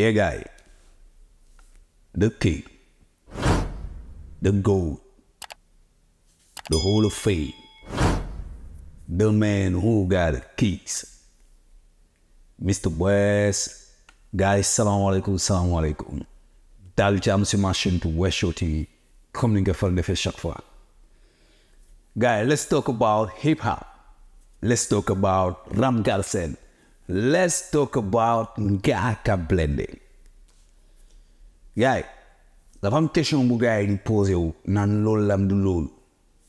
yee gaay dëkk yi the gold the hall of fame the man who got the keys Mr. West gaay salaamaaleykum salaamaaleykum daal ci am si machine to West Show TV comme ni nga far defee chaque fois guys let's talk about hip hop let's talk about Ram Galsen let's talk about Ngaaka Blindé gars yi dafa question bu gars yi di posé wu naan loolu lam du loolu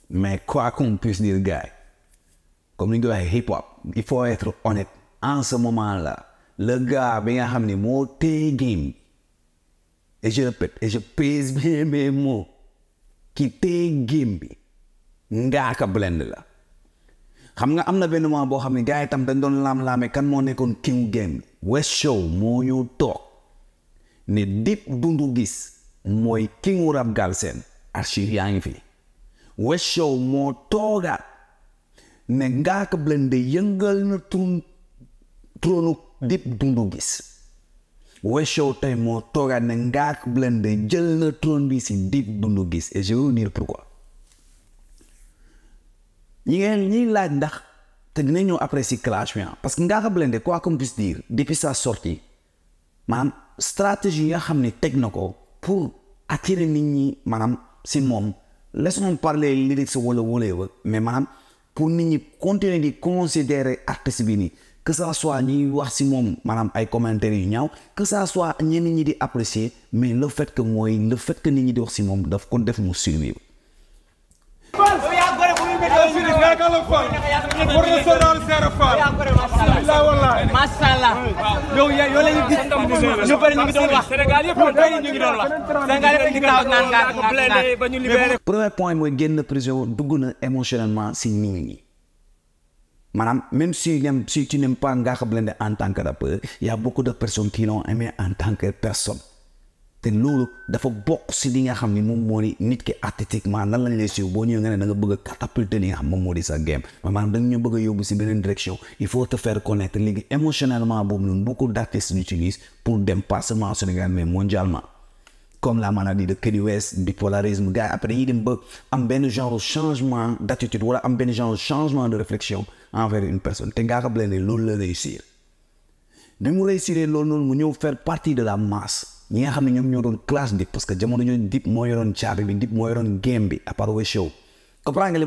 mais quoi qu'on puisse dire gars comme ni ñu waxee hip hop il faut être honnête en ce moment là le gars bi nga xam ni moo téye game et je répète et je pèse bien mes ki téye game bi Ngaaka Blindé la xam nga am na benn moment boo xam ne gars yi tam dañ doon laam-laame kan moo nekkoon king game West Show moo ñu toog ne Dip Doundou Guiss mooy kingu rap Galsen archive yaa ngi fi West moo toogaat ne Ngaaka Blindé yëngal na tun tronu Dip Doundou Guiss West Show tey moo toogaat ne Ngaaka jël na trône bi si Dip Doundou Guiss et je vais vous dire ñi ngeen ñiy laaj ndax te dina ñëw après si clash bi ah. parce que Ngaaka Blindé quoi qu'on puisse dire depuis sa sortie maanaam stratégie yi nga xam ne teg na ko pour attirer nit ñi maanaam si moom laissons parler lyrics wala wala mais maanaam pour nit ñi continuer di considérer artiste bi nii que ça soit ñuy wax si moom maanaam ay commentaires yu ñaaw que ça soit ñenn ñi di apprécier mais le fait que mooy le fait que nit ñi di wax si moom daf ko def mu suivre. Sirif yaakaar Fall war na sonal la premier point mooy génn prison dugg na émotionnellement si nit ñi maanaam même si ñoom si tu n'aimes pas en tant que rappeur y a de personnes qui en tant que personne. te loolu dafa bokk si li nga xam ni moom moo di nit ki artistiquement nan la lay suivre boo ñëw nga ne da nga bëgg a catapulter li nga xam moom moo di sa game maanaam da nga ñu bëgg a yóbbu si beneen direction il faut te faire connaître léegi émotionnellement boobu noonu beaucoup d' artistes l'utilisent pour dem pas seulement au Sénégal comme la maladie de Kanye West bipolarisme gars après dañuy dem ba am benn genre changement d' attitude wala am benn genre changement de réflexion envers une personne te ngaa xam ne loolu la réussir bi mu réussir loolu de la masse. ñi nga xam ne ñoom ñoo doon classe dip parce que jamono ñooñu dip moo yoroon caabi bi dip moo yoroon game bi à part west show comprendre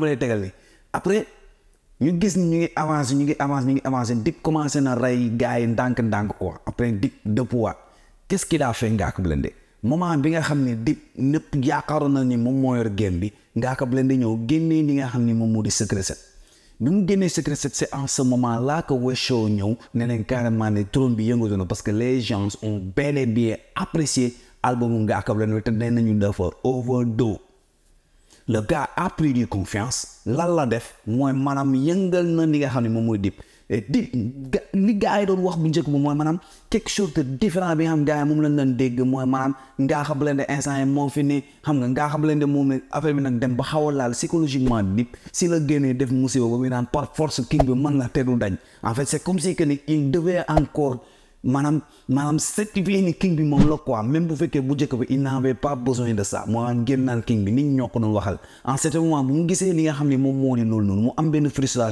ñu gis ñu ngi avancé ñu ngi avancé ñu ngi avancé dip commencé na rey gars yi ndànk-ndànk quoi après dip dëppuwaat qu'est-ce qu'il a fait Ngaaka Blindé moment bi nga xam ne dip nëpp yaakaaroon na ni moom moo yor game bi Ngaaka Blindé ñëw génnee li nga xam ni moom moo di secret set bi mu génnee Secret 7 c'est en ce moment là que Wes Show ñëw ne leen carrément ne trône bi yëngatu na parce que les gens ont bel et bien apprécié album nga akabla ne te nee nañu dafa overdose le gars a pris du confiance lan la def mooy maanaam yëngal na li nga xam ne moom mooy dip Eh, di li gars yi doon wax bu njëkk bu mooy maanaam quelque chose de différent bi nga xam gars yi moom lañ mooy maanaam ngaa xam leen de moom fi ni xam nga ngaa xam leen de moom affaire dem ba xaw a laal psychologiquement nit si la génnee def musiba ba naan par king bi mën la teru dañ en fait c'est si que ni il devait encore maanaam maanaam certifié king bi moom la quoi bu fekkee bu njëkk bi il n'avait pas besoin de ça maanaam génn naan king bi nit ñoo ko waxal en ce bu mu gisee li nga xam ne moom moo ne loolu la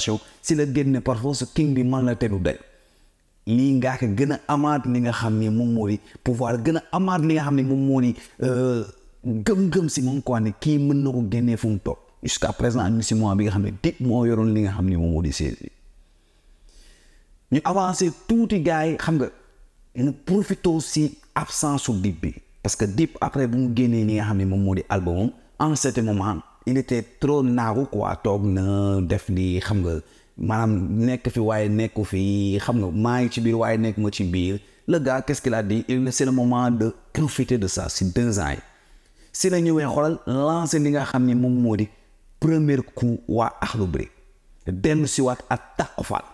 génne par force king bi man la tegu day lii ngaa ko gën a amaat li nga xam ni moom moo di pouvoir gën amaat li nga xam ne moom moo di euh, gëm-gëm si moom quoi ne kii mën na ko génnee fu mu toog jusqu'à présent am si mois bi nga xam ne dëgg moo yoroon li nga xam ni moom moo di séeréer ñu tuuti gars yi nga. ñu profito si absence su Dip bi parce que Dip après bu mu génnee ni nga xam ne moom moo di album en certain moment il était trop naagu waa toog na def li xam nga maa nekk fi waaye nekku fii xam nga maa ngi ci biir waaye nekk ma ci biir le gars qu'est-ce qu'il a c'est le moment de profiter de ça si deux ans yi si la ñëwee xoolal lancer li nga xam ne moom moo di première coup waa Akhlou Brick dem si waat ak Taku Fall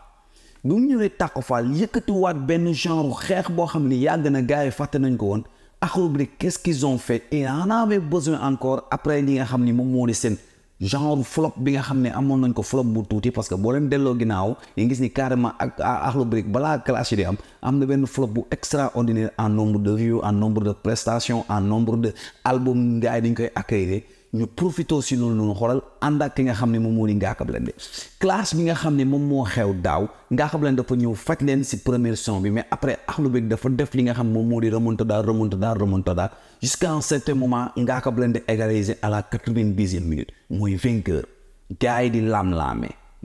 bi mu ñëwee Tàkko Fall yëkkatiwaat benn genre xeex boo xam ni yàgg na gars yi fàtte nañ ko woon Akhlou Brick qu'est-ce qu'ils fait et on avait besoin encore après li nga xam ni moom moo di seen genre flop bi nga xam ne amoon nañ ko flop bu tuuti parce que boo leen delloo ginnaaw yi gis ni carrément ak Akhlou Brick balaa clash di am am na benn flop bu extra extraordinaire en nombre de vues en nombre de prestations en nombre de albums gars yi dañ koy accueillir ñu profité si noonu noonu xoolal ànd ak ki nga xam ne moom moo di Ngaaka Blindé classe bi nga xam ne moom moo xew daaw Ngaaka leen dafa ñëw faj leen si première son bi mais après Akhlou Brick dafa def li nga xam moom moo di remontada remontada remontada jusqu'à un certain moment Ngaaka de égalisé à la quatre-vingt-dixième minute mooy vainqueur gars yi di lam-laamee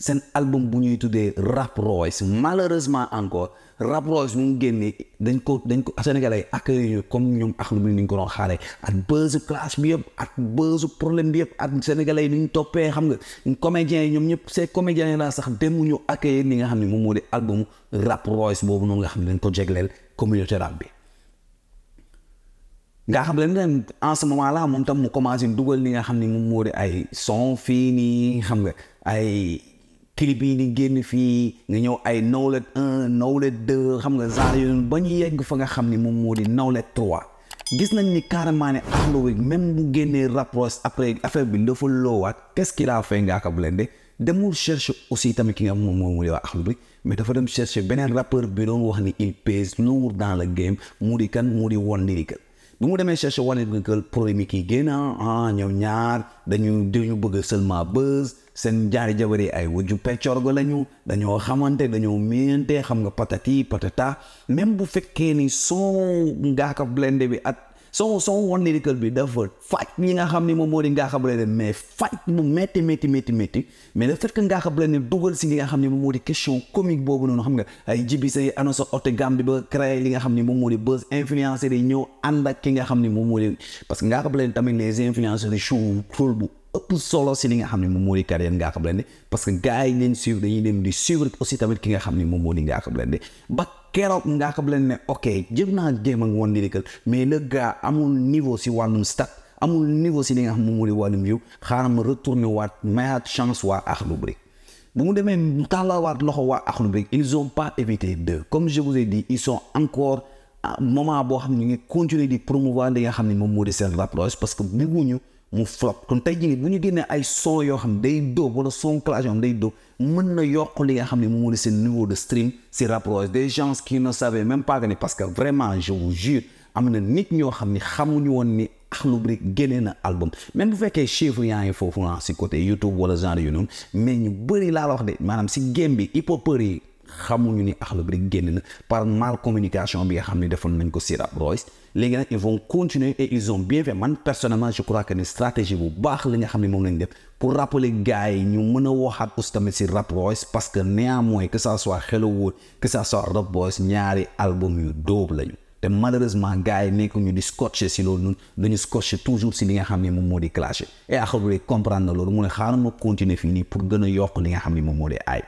seen album bu ñuy tuddee Rap Royce malheureusement encore Rap Royce mu ngi génne dañ ko dañ ko Sénégalais accueilli ñu comme ñoom ak lu mu ñu ko doon xaaree at buzz classe bi yëpp at buzz problème bi yëpp at Sénégalais yi ni ñu toppee xam nga comédiens yi ñoom ñëpp ces comédiens laa sax demu ñu accueillir li nga xam ne moom moo di album boobu noonu nga xam ne dañ ko jegleel communauté rap xam ne en ce mu commencé dugal li nga xam ne moo di ay son fii nii nga ay. clip yi di génn fii nga ñëw ay Nowlet un Nowlet deux xam nga genre yooyu ba ñu yegg fa nga xam ni moom moo di Nowlet trois gis nañ ni carrément ne Akhlou Brick même bu génnee rapproche affaire bi dafa loowaat qu'est-ce qu'il a fait tamit ki nga moom moom mu di waa Akhlou Brick mais dafa dem cherche beneen rappeur bi doon wax ni il pèse lourd dans le game mu kan mu di One Lyrical bi mu demee cherche One Lyrical seen jaari jabar yi ay wujju peccorgo lañu dañoo xamante dañoo méyante xam nga patati patata même bu fekkee ni son Ngaaka Blindé bi at son son One Lyrical bi dafa faj ñi nga xam ni moom moo di Ngaaka Blindé mais faj mu métti le fait que Ngaaka Blindé dugal si li nga xam ni moom moo di question comique boobu noonu xam nga ay jibi say annonce ortogam bi ba créé li nga xam ni moom moo di buzz influenceurs ñëw ànd ki nga xam ni moom moo di parce que Ngaaka Blindé tamit les influenceurs yi show bu ëpp solo si li nga xam ne moom moo di carrière Ngaaka Blindé parce que gars yi leen suivre dañuy dem di suivre aussi tamit ki nga xam ne moom moo ba keroog Ngaaka Blindé ne ok jëm naa jéem ak One Lyrical mais le a amul niveau si wàllum stat amul niveau si li nga xam moom moo di wàllum yiw xaaral ma retourné waat mayaat chance waa Akhlou Brick bu mu demee mu tàllawaat loxo waa Akhlou Brick ils ont pas évité de comme je vous ai dit ils encore moment boo xam ne ñu ngi continuer di promouvoir li nga xam ne moom moo di seen rapproche que bëgguñu mu flop kon tey jii nii ñu génnee ay son yoo xam day dóob wala son clash yoo xam day dóob mën na yokk li nga xam ne moom moo di seen niveau de stream si rapport des gens qui ne savaient même pas que parce que vraiment je vous am na nit ñoo xam ni xamuñu woon ni Akhlou Brick génnee na album même bu fekkee chiffre yaa ngi foofu ah si côté YouTube wala genre yu noonu mais ñu bëri laa la wax de maanaam si game bi hip-hopeurs yi xamuñu ni Akhlou Brick génn na par mal communication bi nga xam ne defoon nañ ko Sir Royce léegi nag ils vont continuer et ils ont bien que ni stratégie bu baax li xam ne moom lañ def pour rappeler gars yi ñu mën a waxaat aussi tamit si Rap Royce parce que néanmoins que ça soit Hello World que ça soit Rap Boys ñaari album yu dóob lañu te malheureusement gars yi nekk ñu di scotché si loolu noonu dañu scotché toujours si li nga xam ne moom moo di clashé et Akhlou Brick comprendre na loolu mu ne xaaral ma continuer fii nii pour gën a yokk li nga xam ne moom moo di aay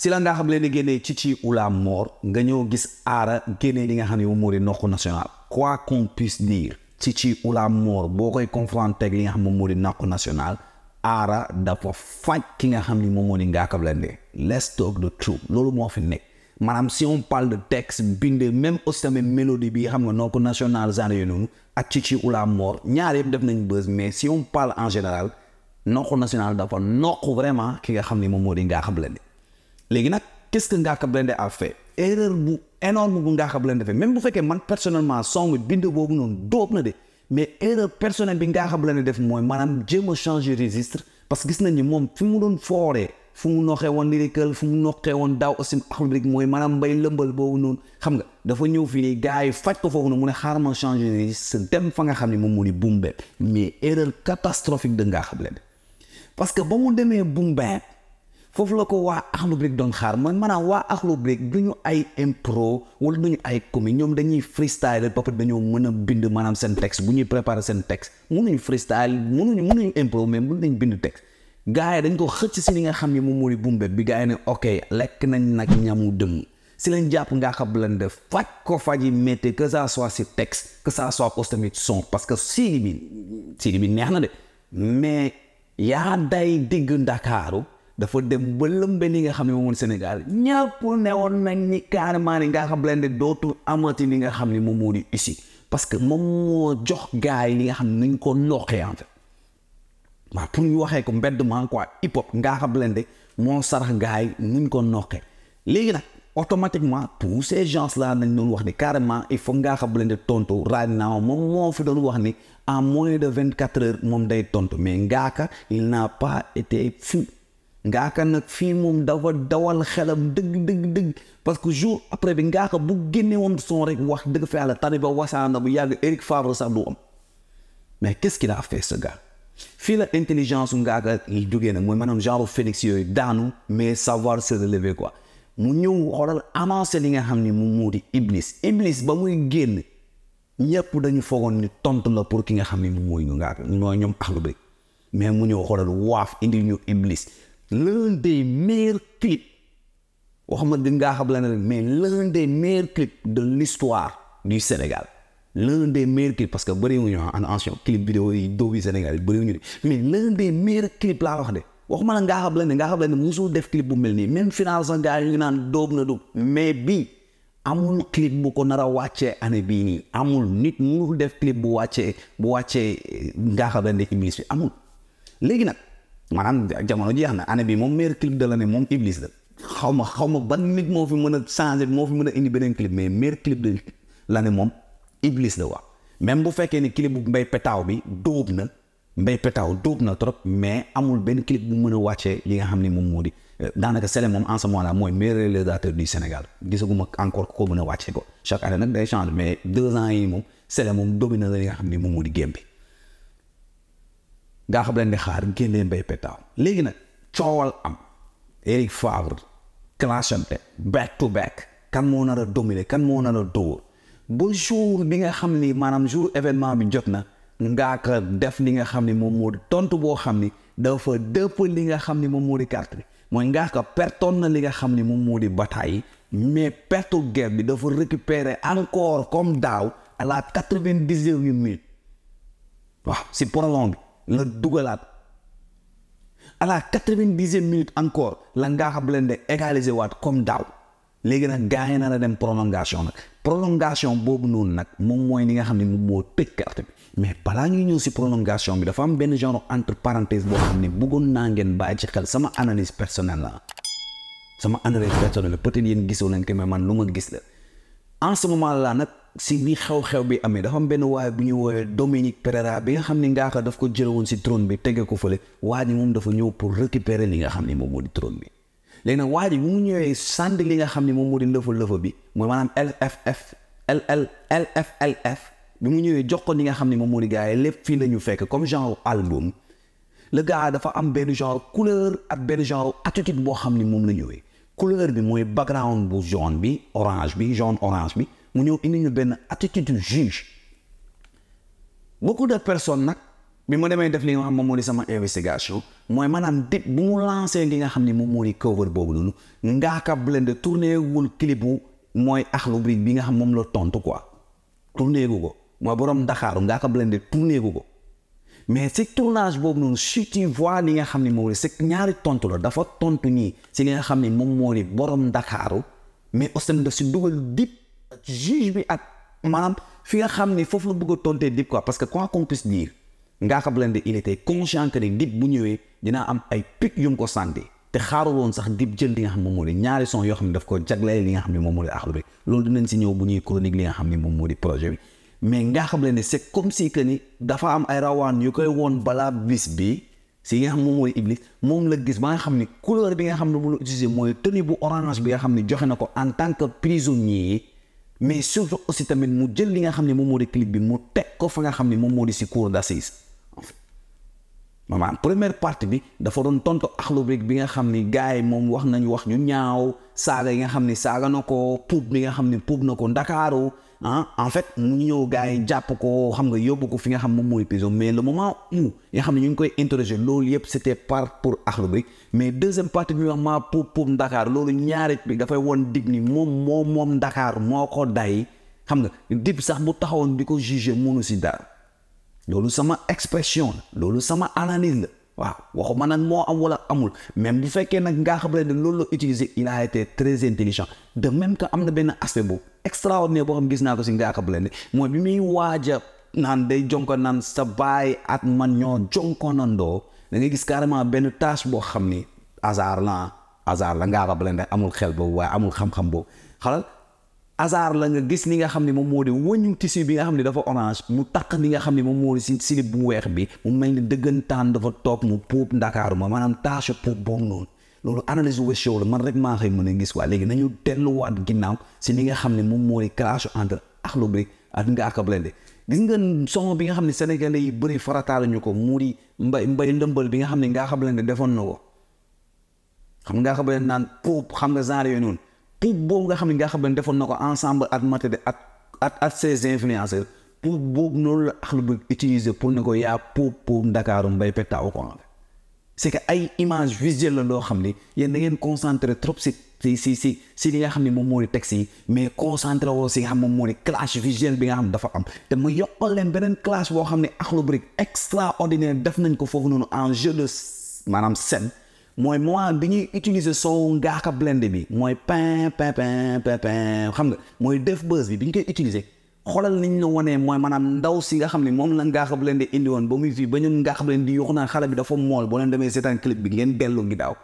si la ngaa xam leen di génnee ci ci ou la mort nga ñëw gis aara génnee li nga xam ne moom moo di nokku national quoi qu'on puisse dire ci ci ou la boo koy confronté ak li xam moom moo di nokku national aara dafa faj ki nga xam ni moom moo di Ngaaka Blindé let's talk the truth loolu moo fi nekk maanaam si on pal de texte binde même aussi tamit mélodie bi xam nga nokku national genre yooyu noonu ak ci ci ou la mort ñaar yëpp def nañ buzz mais si on parle en général nokku national dafa nokku vraiment ki nga xam ni moom moo di Ngaaka Blindé léegi nag qu'est-ce que Ngaaka Blindé a fait erreur bu énorme bu Ngaaka Blindé fait même bu fekkee man personnellement song bind boobu noonu dóob na de mais erreur personnelle bi Ngaaka Blindé def mooy maanaam jéem a changer parce que gis nañ ni moom fi mu doon fooree fu mu noxee woon fu mu noxee woon daaw aussi afrique mooy maanaam mbay lëmbal boobu noonu xam nga dafa ñëw fii nii gars yi faj ko foofu noonu mu ne xaaral ma changer registre dem fa nga xam ne moom mu ni Boom Bap mais erreur catastrophique de Ngaaka Blindé parce que ba mu demee Boom Bap foofu la ko waa Akhlou Brick xaar man maanaam waa Akhlou Brick du ñu ay impro wala du ñu ay comi ñoom dañuy freestyle ba pare dañoo mën a bind maanaam seen texte bu ñuy préparer seen texte mënuñu freestyle mënuñu mënuñu impro mais mën nañ bind texte gars yi dañ ko xëcc si li nga xam ne moom moo di bumbe bi gars yi ne ok lekk nañ nag ñamu dëmm si lañ jàpp nga xam lan def faj ko faj yi métti que ça soit si texte que ça soit aussi tamit son parce que siri bi siri bi neex na de mais yaa day digg ndakaaru dafa dem ba lëmbe li nga xam ne moom Sénégal ñëpp ne woon nañ ni carrément ni Ngaaka Blindé dootul amati li nga xam ni moom moo di ici parce que moom moo jox gars yi li nga xam ne nañ ko noqee en fait waaw pour waxee ko mbeddument quoi hip hop Ngaaka Blindé moo sarax gars yi nuñ ko noqee léegi nag automatiquement tous ces gens là nañ doon wax ni carrément il faut Ngaaka Blindé tontu right now moom moo fi doon wax ni en moins de vingt quatre heures moom day tontu mais Ngaaka il pas été fou ngaaka nag fii moom dafa dawal xelam dëgg dëgg parce que jour après bi ngaaka bu génne woon son rek wax dëgg fa yàlla tani ba wasaana bu yàgg Eric Favre sax du am mais qu'est-ce la a fait ce gars fii la intelligence ngaaka jógee nag mooy maanaam genre Phénix yooyu daanu mais savoir se relever quoi mu ñëw xoolal avancé li nga xam ni mu muudi Iblis Iblis ba muy génn ñëpp dañu foogoon ni tontu la pour ki nga xam ni mu mooy ngaaka mooy ñoom axlu bi mais mu ñëw xoolal indi ñu Iblis l'un des meilleurs wax waxuma di ngaa xam la na rek mais l'un des meilleurs clips de l'histoire du Sénégal l'un des meilleurs clips parce que bëriwuñu en ancien clip vidéo yi doobi Sénégal yi bëriwuñu de mais l'un des meilleurs clips laa wax de wax ma ngaa xam la ne ngaa xam la ne musul def clip bu mel nii même final sa gars naan doob na doob mais bi amul clip bu ko nar a wàccee année bii nii amul nit munul def clip bu wàccee bu wàccee ngaa xam la ne ci ministre bi amul léegi nag maanaam jamono jeex na année bi moom meilleur clip de l'année moom Iblis la xaw ma xaw ma ban nit moo fi mën a changer moo fi mën a indi beneen clip mais meilleur clip de moom Iblis la wax même bu fekkee ni clip bu Mbaye Pétaw bi dóob na Mbaye Pétaw dóob na trop mais amul benn clip bu mën a wàccee li nga xam ni moom moo di euh, daanaka Sélé moom en mooy meilleur réalisateur du Sénégal gisaguma encore ko mën a wàccee ko chaque année nag day changer mais deux ans yi moom Sélé moom dominé na li nga xam ne moom moo di game ngaa xam leen di xaar génnee mbay pétaaw léegi nag coowal am Eric Favre clashante back to back kan moo nar a dominer kan moo nar a dóor ba jour bi nga xam ni maanaam jour événement bi jot na ngaa ko def li nga xam ni moom moo di tontu boo xam ni dafa dëpp li nga xam ni moom moo di carte bi mooy ngaa ko pertoon na li nga xam ni moom moo di bataille mais perte guerre bi dafa récupérer encore comme daaw à la vingt dix neuvième minute waaw si prolong bi la dugga à la quatre-vingt-dixième minute encore la ngaa xam leen de égaliser waat comme daaw léegi nag gaa yi na la dem prolongation nag prolongation boobu noonu nag moom mooy li nga xam ne mu moo tëj carte bi mais balaa ñuy ñëw si prolongation bi dafa am benn genre entre parenthèse boo xam ni bëggoon naa ngeen bàyyi ci xel sama analyse personnelle la sama analyse personnelle peut-être yéen gisoo leen ko mais man lu ma gis la en ce si ni xew-xew bi amee dafa am benn waaye bu ñuy woowee Dominique Pereira bi nga xam ni Ngaaka daf ko jële si trône bi tege ko fële waa ji moom dafa ñëw pour récupérer li nga xam ni moom moo di trône bi léegi nag waa ji bu mu ñëwee sànd li nga xam ni moom moo di lëfa lëfa bi mooy maanaam LFF LL LFLF bi mu ñëwee jox ko li nga xam ni moom moo di gars yi lépp fii la ñu fekk comme genre album le gars dafa am benn genre couleur ak benn genre attitude boo xam ni moom la ñëwee couleur bi mooy background bu jaune bi orange bi jaune orange bi mu ñëw indi ñu benn attitude juge beaucoup de personnes nag bi ma demee def li nga xam moom moo di sama investigation mooy maanaam dip bu mu lancé li nga xam ne moom moo di cover boobu noonu Ngaaka Blindé tourné wul clip bu mooy Akhlou Brick bi nga xam moom loo tontu quoi tourné gu ko mooy borom Ndakaaru Ngaaka Blindé tourné gu ko mais si tournage boobu noonu si tu vois li nga xam ne moom la si ñaari tontu la dafa tontu ñii si nga xam ne moom moo di borom Ndakaaru mais aussi daf si dugal dip juge bi ak maanaam fi nga xam ne foofu la bëgg a tontee dip quoi parce que quoi qu'on puisse dire Ngaaka Blindé il était conscient que ne dip bu ñëwee dinaa am ay pic yu ko santé te xaaru sax dip jël li xam ne moom moom di axlu bi loolu dinañ si ñëw bu ñuy chronique li nga xam ne moom moo di projet bi mais nga xam moom mooy la gis ba nga xam bi nga xam ne bu la utilisé mooy tenue bu orange bi nga xam ne joxe na ko en tant que prisonnier mais surtout aussi tamit mu jël li nga xam ne moom moo di clip bi mu teg ko fa nga xam ne moom moo di si cour d'assises en première partie bi dafa doon tontu Akhlou Brick bi nga xam ni gars yi moom wax nañu wax ñu ñaaw saaga yi nga xam ni saaga na ko puub bi nga xam ni puub na ko Ndakaaru ah en fait mu ñëw gars mm. jàpp ko xam nga yóbbu ko fi nga xam moom mooy prison mais le moment où nga xam ne ñu ngi koy interroger loolu yëpp c'était part pour Akhlou Brick mais deuxième partie bi wax ma pour pour Dakar loolu ñaari bi dafay woon dib ni moom moom moom Dakar moo ko day xam nga dib sax bu taxawoon di ko juger mënu si dara loolu sama expression loolu sama analyse la waaw waxuma nag moo am wala amul même bu fekkee nag nga xam ne loolu la utiliser il a été très intelligent de am na benn aset aspect bu extraordinaire boo xam gis naa ko si nga xam ne mooy bi muy waaja naan day jonko naan sa baay at man ñoo jonko nan doo da ngay gis carrément benn tâche boo xam ni hasard la hasard la ngaa xam ne amul xel boobu waaye amul xam-xam boobu hasard la nga gis ni nga xam ne moom moo di wëñu tissu bi nga xam ne dafa orange mu takk li nga xam ne moom moo si silib bu weex bi mu mel ni dëggantaan dafa toog mu puub ndakaaru ma maanaam tache puub boobu noonu loolu analyse wu show la man rek maa xëy mën a gis waa léegi nañu delluwaat ginnaaw si li nga xam ne moom moo di clash entre Akhlou Brick ak Ngaaka Blindé gis nga son bi nga xam ne sénégalais yi bëri farataaluñu ko mu di mbay mbay ndëmbal bi nga xam ne Ngaaka Blindé defoon na ko xam Ngaaka Blindé naan puub xam nga genre noonu pour boobu nga xam ne nga xam ne defoon na ko ensemble ak Maté ak ak ak ses pour boobu noonu la Akhlou Brick utiliser pour ne ko yaa pour pour Ndakaaru mbay petta au courant c'est que ay image visuelle la loo xam ne yéen da ngeen concentré trop si si si si si li nga xam ne moom moo di texte si mais concentré woo si nga xam moom moo di clash visuel bi nga xam ne dafa am te mu yokkal leen beneen clash boo xam ne Akhlou Brick extraordinaire def nañ ko foofu noonu en jeu de maanaam mooy moment bi ñuy utiliser soow ngaaka blende bi mooy pin pin pin pin pin xam nga mooy def buzz bi bi ñu koy utiliser xoolal niñ la wanee mooy maanaam ndaw si nga xam ne moom la ngaaka blende indi woon ba muy fii ba ñun ngaaka blende di yox naan xale bi dafa mool boo leen demee seetaan clip bi ngeen dellu ngi daaw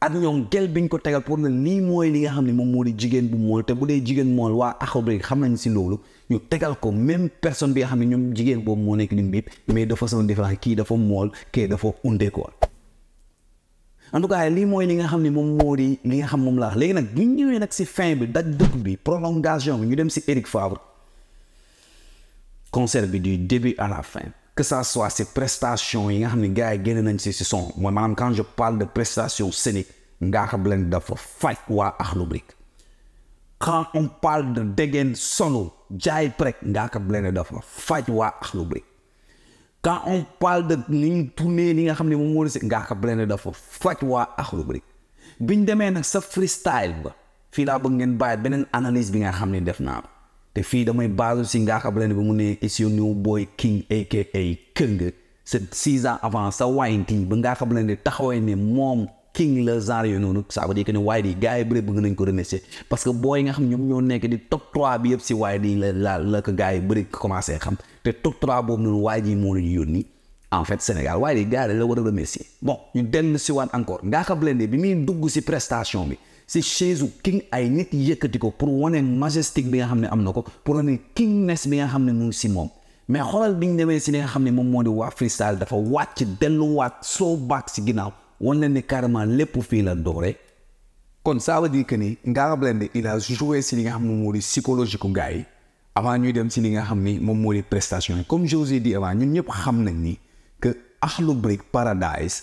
ak ñoom gel biñ ko tegal pour ne lii mooy li nga xam ne moom moo di jigéen bu mool te bu dee jigéen mool waa axabri xam nañ si loolu ñu tegal ko même personne bi nga xam ne ñoom jigéen boobu moo nekk ñun biib mais de façon différente kii dafa mool kii dafa undee ko en tout cas lii mooy li nga xam ne moom moo di li nga xam moom la léegi nag ñu ñëwee nag si fin bi daj dëkk bi prolongation bi ñu dem si Éric Favre concert du début à la fin que ça soit si prestation yi nga xam ne gars yi génn nañ si si son mooy maanaam quand pal parle de prestation scénique Ngaka Blindé dafa faj waa Akhlou Brick quand on solo jaay prek Ngaka Blindé dafa faj waa Akhlou Brick quand on parle de ni ñu tourné li nga xam ne moom moo di si Ngaaka Blindé dafa faj waa Akhlou Brick biñ demee nag sa freestyle ba fii laa bëgg ngeen bàyyi beneen analyse bi nga xam ne def naa ko te fii damay baalu si Ngaaka Blindé bi mu ne is your new boy king aka Keung c'est six ans avant sa waayinti ba Ngaaka Blindé taxawee ne moom king la genre yooyu noonu ça waaye di gars yi bëri bëgg ko remercier parce que booy nga xam ñoom ñoo nekk di top 3 bi yëpp si waaye di la la la ko gars xam te top 3 boobu noonu waaye moo ñu yónni en fait Sénégal waaye di gars yi la war a remercier bon ñu dellu si waat encore Ngaaka Blindé bi muy dugg si prestation bi si chaise ay nit yëkkati ko pour wane majestique bi nga xam ne am na ko pour wane kingness bi nga xam ne mu si moom mais xoolal bi ñu demee si li nga xam ne moom moo di waa freestyle dafa waat wàcc waat soo baag si ginaaw wan leen ni carrément lépp fii la doore kon ça veut dire que ni Ngaka Blindé il a joué si li nga xam moom moo di psychologique gu gars yi avant ñuy dem si li nga xam ni moom moo di prestation yi comme je vous ñun ñëpp xam nañ ni que Akhlou Brick Paradise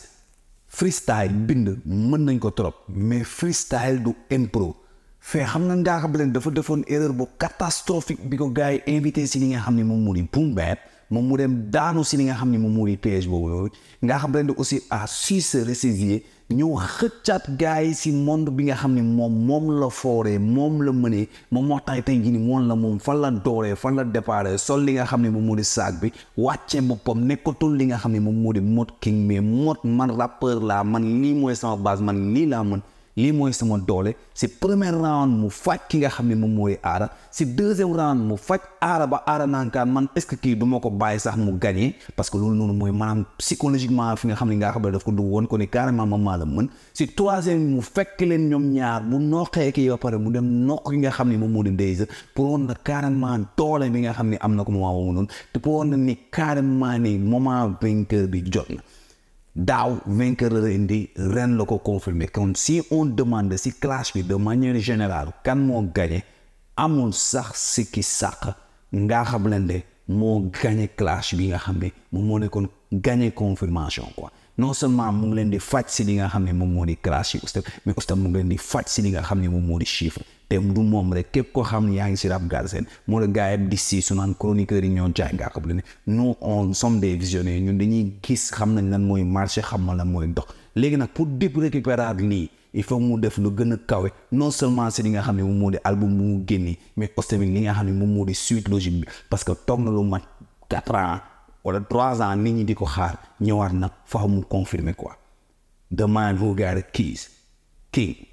freestyle bind mën nañ ko trop mais freestyle du impro fee xam nga Ngaka Blindé dafa defoon erreur bu catastrophique bi ko gars yi invité si li nga xam ni moom moo di Boom Bap moom mu dem daanu si li nga xam ni moom mooy piège boobu yooyu nga xam ren aussi à su se ressaisir ñëw xëccaat gars yi si monde bi nga xam ni moom moom la foore moom la mënee moom moo tax tey jii ni moom la moom fan la dooree fan la déparé sol li nga xam ne moom moo di saag bi wàcce boppam nekkatul li nga xam ni moom moo di mode king mais mode man rappeur laa man lii mooy sama base man lii laa mën lii mooy sama doole si premier round mu faj ki nga xam ne moom mooy aara si deuxième round mu faj aara ba aara naankaan man est ce kii du ma ko bàyyi sax mu gagné parce que loolu noonu mooy maanaam psychologiquement fi nga xam ne nga xam ne ko du woon ko ma maa la mën si mu fekk leen ñoom mu noqee kii pare mu dem noq ki nga xam ne moom moo di Deyza pour woon na carrément doole bi nga xam ni am na ko moment boobu noonu te pour woon na ni carrément ni moment vainqueur bi jot na daaw vainqueur la indi ren la ko confirmer kon si on demande si clash bi de manière générale kan moo gagné amul sax si ki sàq Ngakha Blindé moo gagné clash bi nga xam ne moom moo nekkoon gagné confirmation quoi non seulement mu ngi leen di faj si li nga xam ne moom moo di classe yi oustaz mais oustaz mu ngi leen di faj si li nga xam ne moom moo di chiffre te du moom rek képp koo xam ne yaa ngi si rab galsen moo la gaa yi di si su naan chroniqueur yi ñoo jaay ngaa xam ne nous on sommes des visionnaires ñun dañuy gis xam nañ lan mooy marché xam na lan mooy dox léegi nag pour dép récupérer lii il faut mu def lu gën a kawe non seulement si li nga xam ne moom moo di album bu mu génnee mais aussi tamit li nga xam ne moom moo di suite logique bi parce que toog na lu mat quatre ans wala trois ans nit ñi di ko xaar ñëwaat na faaw mu confirmer ko the man who got the keys king